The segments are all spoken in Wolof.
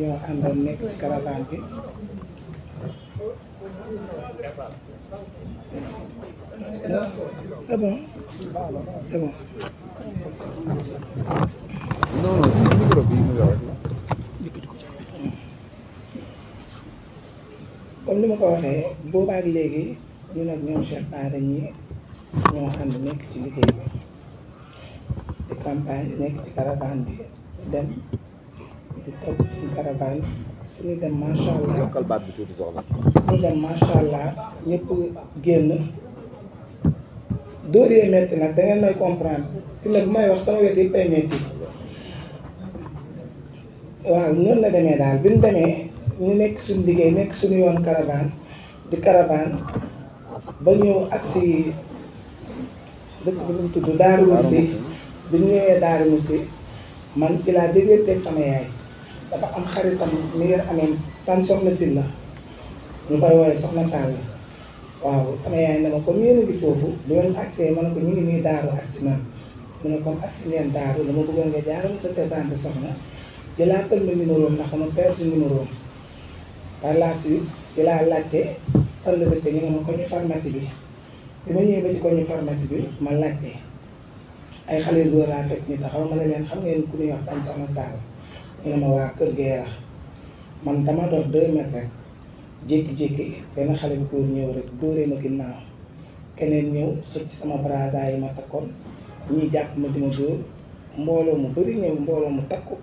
ñoo àndoon nekk caravane bi c'est bon comme ni ma ko waxee boobaak léegi ñun ak ñoom Cheikh Bara ñi ñoo ànd nekk ci liggéey bi di campagne nekk ci caravane bi dem di topp ci caravane fu ñu dem macha allah yokkal baat bi tuuti soxna si fu ñu dem macha allah ñëpp génn dóor metti nag da may comprendre fi ne may wax sama wet yi pay metti waaw noonu la demee daal bi ñu demee ñu nekk suñ liggéey nekk suñu yoon caravane di caravane ba ñëw ak si dëkk bi ñu tudd Daaru Musi bi ñu ñëwee Daaru Musi man ci laa déggee teg sama yaay dafa am xaritam mi nga amee tan soxna si la ñu koy woowee soxna Sall waaw sama na ma comme yéen a ngi foofu bu ma ne ko ñu ngi nii daaru agsi naan mu ne comme agsi ngeen soxna jëlaatal la suite ci laa laajte fan la dëkk ñu ne ma koñu pharmacie bi bi ma ñëwee ba ci koñu pharmacie bi ma laajte ay xale yu góor laa taxaw ma ne leen xam ngeen ku ñuy wax tan soxna Sall ma waa kër ga yàlla man dama dox deux mètres rek jékki-jékki benn xale bu góor ñëw rek dóoree ma ginnaaw keneen ñëw xëcc sama brassard yi ma takkoon ñii jàpp ma di ma dóor mbooloo mu bëri ñëw mbooloo mu takku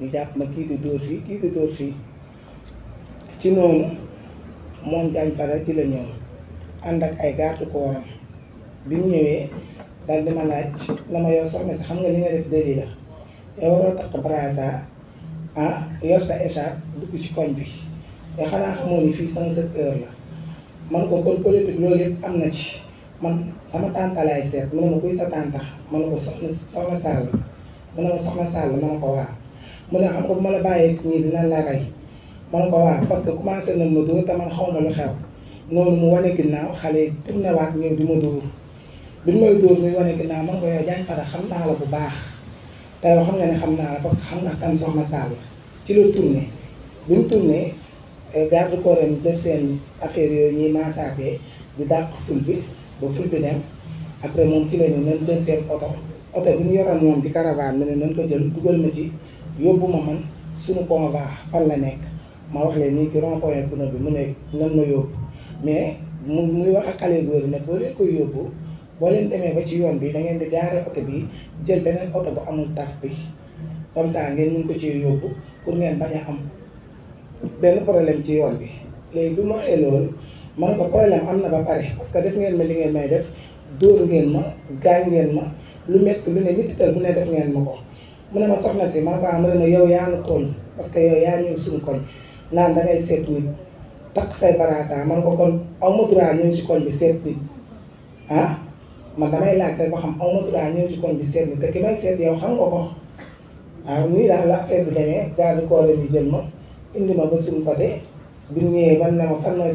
ñu jàpp ma kii di dóor fii kii di dóor fii ci noonu moom jaañ fara ci la ñëw ànd ak ay garde corps bi ñëwee daal di ma laaj na ma yow soxna si xam nga li nga def déli la yow waroo takk brassard ah yor sa écharpe dugg ci koñ bi te eh, xanaa xamoo ni fii sama secteur la man ko kon politique loolu yëpp am na ci man sama tànta laay seet mu ne ma kuy sa tànta man ne ko soxna soxna Sall ko waa mu ne xam ko bu ma la bàyyee ñii dina la rey ma ne ko waa parce que commencé na ma dóor te man xaw xew noonu mu wane ginnaaw xale yi tourné waat ñëw di ma dóor bi may dóor muy wane ginnaaw man ko yow jàng fara xam naa la bu baax tey xam nga ne xam naa la parce xam nga kan soxna Sall ci la tourné bi mu tourné eh, garde corps am seen affaire yooyu ñuy massacré di dàq ful bi ba ful bi dem après moom ci la ñu nañ jël seen oto oto bi ñu moom ci caravane bi ne nañ ko jël dugal ma ci yóbbu ma man suñu convoi fan la nekk ma wax leen nii ci rond point bi mu ne nan ma yóbbu mais mu muy wax ak xale góor ne boo leen yóbbu. boo leen demee ba ci yoon bi da ngeen di gaare oto bi jël beneen oto bu amul taf bi comme ça ngeen mun ko ci yóbbu pour ngeen bañ a am benn problème ci yoon bi léegi lu ma waxee loolu man ko problème am na ba pare parce que def ngeen ma li ngeen may def dóor ngeen ma gaañ ngeen ma lu métti lu ne nitital bu ne def ngeen ma ko mu ne ma soxna si man ko am ah, ma yow yaa ngi tooñ parce que yow yaa ñëw suñu koñ naan da ngay seet nit takk say barasa man ko kon aw ma droit ñëw man damay laajte ba xam aw ma ñëw ci koñ bi seet te ki may seet yow xam nga ko waaw nii daal la affaire bi demee garde corps bi jël ma indi ma ba suñu côté bi ñu ñëwee ma fan mooy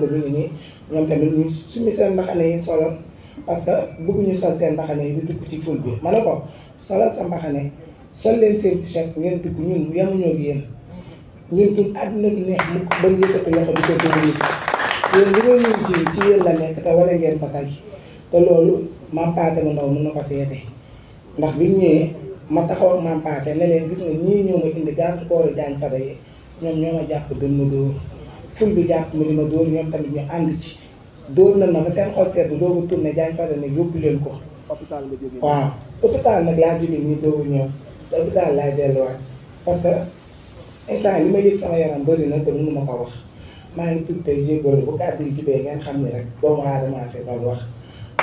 ko bi ñu nii ñoom tamit ñu summi parce que bëgguñu sol seen mbaxane yi di bi ma ko solal sa mbaxane sol leen seen t-shirt ngeen dugg ñun yemuñoo àdduna bi neex mu bañ yëkkati loxo di ko dugg nit yéen li ngeen ñuy ji ci yéen la nekk te wala ngeen ko tay te loolu maam Paate mu ndaw mun ko seete ndax bi mu ñëwee ma taxaw ak maam Paate ne leen gis nga ñii ñoo indi garde corps Diagne Fada yi ñoom ñoo ma jàpp gën ma dóor ful bi jàpp ma li ma dóor ñoom tamit ñu ànd ci dóor na ma ba seen xol seet bu dooga tourné Diagne Fada ne yóbbu leen ko waaw hôpital nag laa jógee nii dooga ñëw te laay delluwaat parce que instant li ma yëg sama yaram bëri na te mënu ma ko wax maa ngi tudd tey jéggalu bu kàddu yi jubee ngeen xam ne rek doomu aadama fi doon wax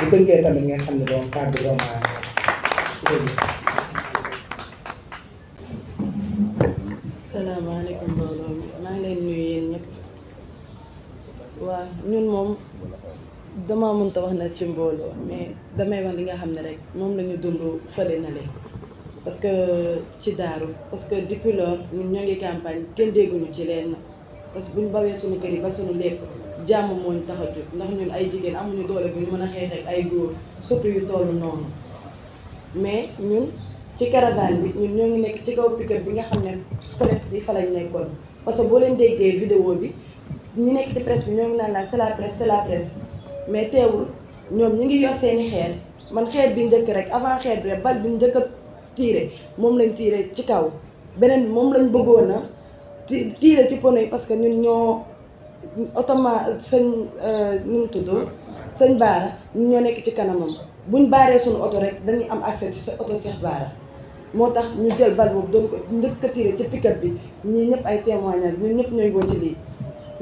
bu tënkee tamit ngeen xam ne doom kàddu doomu aadama maa ngi leen nuyu yéen ñëpp waaw ñun moom damaa mënta wax na ci mbooloo mais damay wax li nga xam ne rek moom lañu ñu dund fële na leen parce que ci daaru parce que depuis lors ñun ñoo ngi campagne kenn dégguñu ci leen parce que buñ bawee suñu kër ba suñu lépp jàmm moo ñu tax a jóg ndax ñun ay jigéen amuñu doole bu ñu mën a xeex ak ay góor surtout yu toll noonu mais ñun ci caravane bi ñun ñoo ngi nekk ci kaw piquet bi nga xam ne presse bi fa lañ nekkoon parce que boo leen déggee vidéo bi ñu nekk ci presse bi ñoo ngi naan la c'est la presse c'est mais teewul ñoom ñu ngi yor seeni xeer man xeer bi njëkk rek avant xeer bi rek bal bi njëkk tiire moom lañ tiire ci kaw beneen bi moom lañ bëggoon a tiire ci pono yi parce que ñun ñoo. ottoman sëñ euh, nu mu tudd sëñ Baara ñu ñoo nekk ci kanamam buñ baaree suñu oto rek dañuy am accès ci sa oto Cheikh Baara moo tax ñu jël bal boobu doon ko njëkk a tiré ci pick bi ñu ñëpp ay témoignage ñun ñëpp ñooy woon ci lii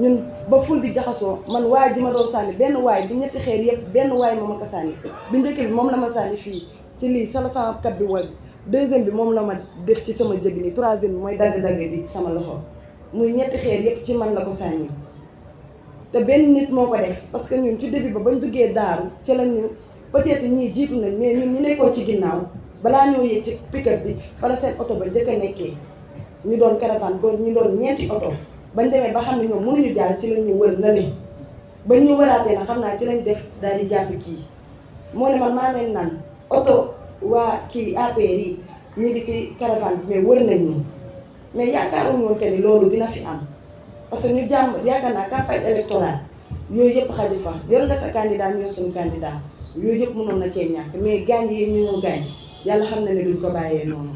ñun ba ful di jaxasoo man waay di ma doon sànni benn waay bi ñetti xeer yëpp benn waay moo ma sànni bi njëkk bi moom la ma sànni fii ci lii sala sama kat bi wal bi deuxième bi moom la ma def ci sama jëbi nii troisième mooy dagg-dagg bi sama loxo muy ñetti xeer yëpp ci man la ko sànni te benn nit moo ko def parce que ñun ci début ba bañ duggee daaru ci la ñu peut-être ñii jiitu nañ mais ñu ñu nekkoon ci ginnaaw balaa ñoo yëg ci pick-up bi fala seen oto ba njëkk nekkee ñu doon caravane ba ñu doon ñeenti oto bañ demee ba xam ne ñoom mënuñu jàll ci lañ ñu wër na ne bañ ñu wëraatee na xam naa ci lañ def daal di jàpp kii moo ne ma maa leen naan oto waa kii APR yi ñu ngi ci caravane bi mais wër nañ mais yaakaaruñu woon que ni loolu dina fi parce que ñu jàmm yaakaar naa campagne électorale yooyu yëpp xaju fa yor nga sa candidat ñu yor suñu candidat yooyu yëpp mënoon na cee ñàkk mais gaañ yi ñu ñu gaañ yàlla xam na ne duñ ko bàyyee noonu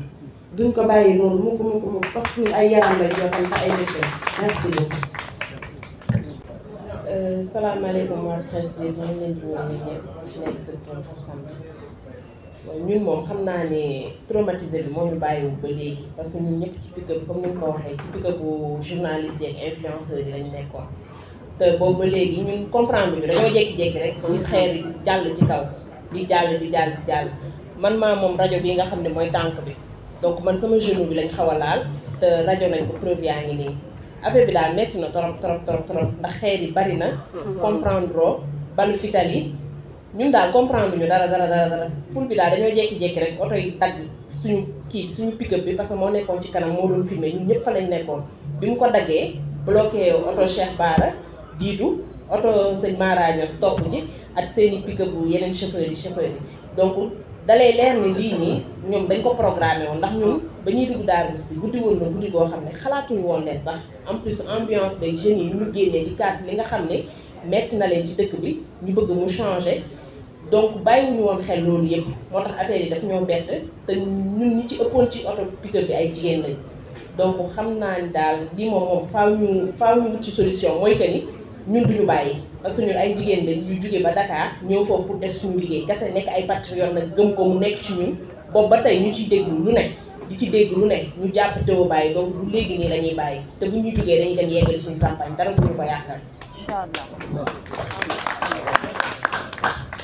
duñ ko bàyyee noonu mu ko mu ko mu ko ay yaram lay joxam te ay météo merci beaucoup. Euh, salaamaaleykum wa rahmatulah ñu ngi leen di woowu ñëpp nekk sa tool sa sant. ñun moom xam naa ne traumatisé bi mooy ñu bàyyiwu ba léegi parce que ñun ñëpp ci pick-up comme ni nga ko waxee ci pick-up bu journaliste yeeg influenceurs yi lañ nekkoon te boobu ba léegi ñun comprendre bi dañoo jékki-jékki rek gis xeer yi jàll ci kaw di jàll di jàll di jàll man maa moom rajo bi nga xam ne mooy tànk bi donc man sama genou bi lañ xaw a laal te rajo nañ ko preuve yaa ngi nii affaire bi daal metti na torop torop torop torop ndax xeer yi bari na mm-hmm. comprendre oo fital yi ñun daal comprendre ñu dara dara dara dara poul bi daal dañoo jekki-jekki rek oto yi dagg suñu kii suñu pick-up bi parce que moo nekkoon ci kanam moo doon filmé ñun ñëpp fa lañ nekkoon bi mu ko daggee bloqué oto Cheikh Bara jiitu oto sëñ Mara Niass topp ci ak seen i pick-up bu yeneen chauffeurs yi chauffeurs yi donc dalay leer ni lii nii ñoom dañ ko programme woon ndax ñun ba ñuy dugg daal bis bi guddi woon na guddi goo xam ne xalaatuñu woon leen sax en plus ambiance des jeunes yi ñu génnee li nga xam ne metti na leen ci dëkk bi ñu bëgg mu changé donc bàyyiwuñu woon xel loolu yëpp moo tax affaire yi daf ñoo bett te ñun ñi ci ëppoon ci oto pick bi ay jigéen lañ donc xam naa ni daal lii moom moom faaw ñu faaw ñu wut ci solution mooy que ni ñun ñu bàyyi parce que ñun ay jigéen lañ ñu ba Dakar ñëw foofu pour def suñu liggéey kese nekk ay patriote nag gëm ko mu nekk ci ñun boobu ba tey ñu ci déglu lu ne di ci dégg lu ne ñu jàpp teewu bàyyi donc lu léegi nii la ñuy bàyyi te bu ñuy jógee dañuy dem yeggale suñu campagne dara duñu ko yàqal. incha allah.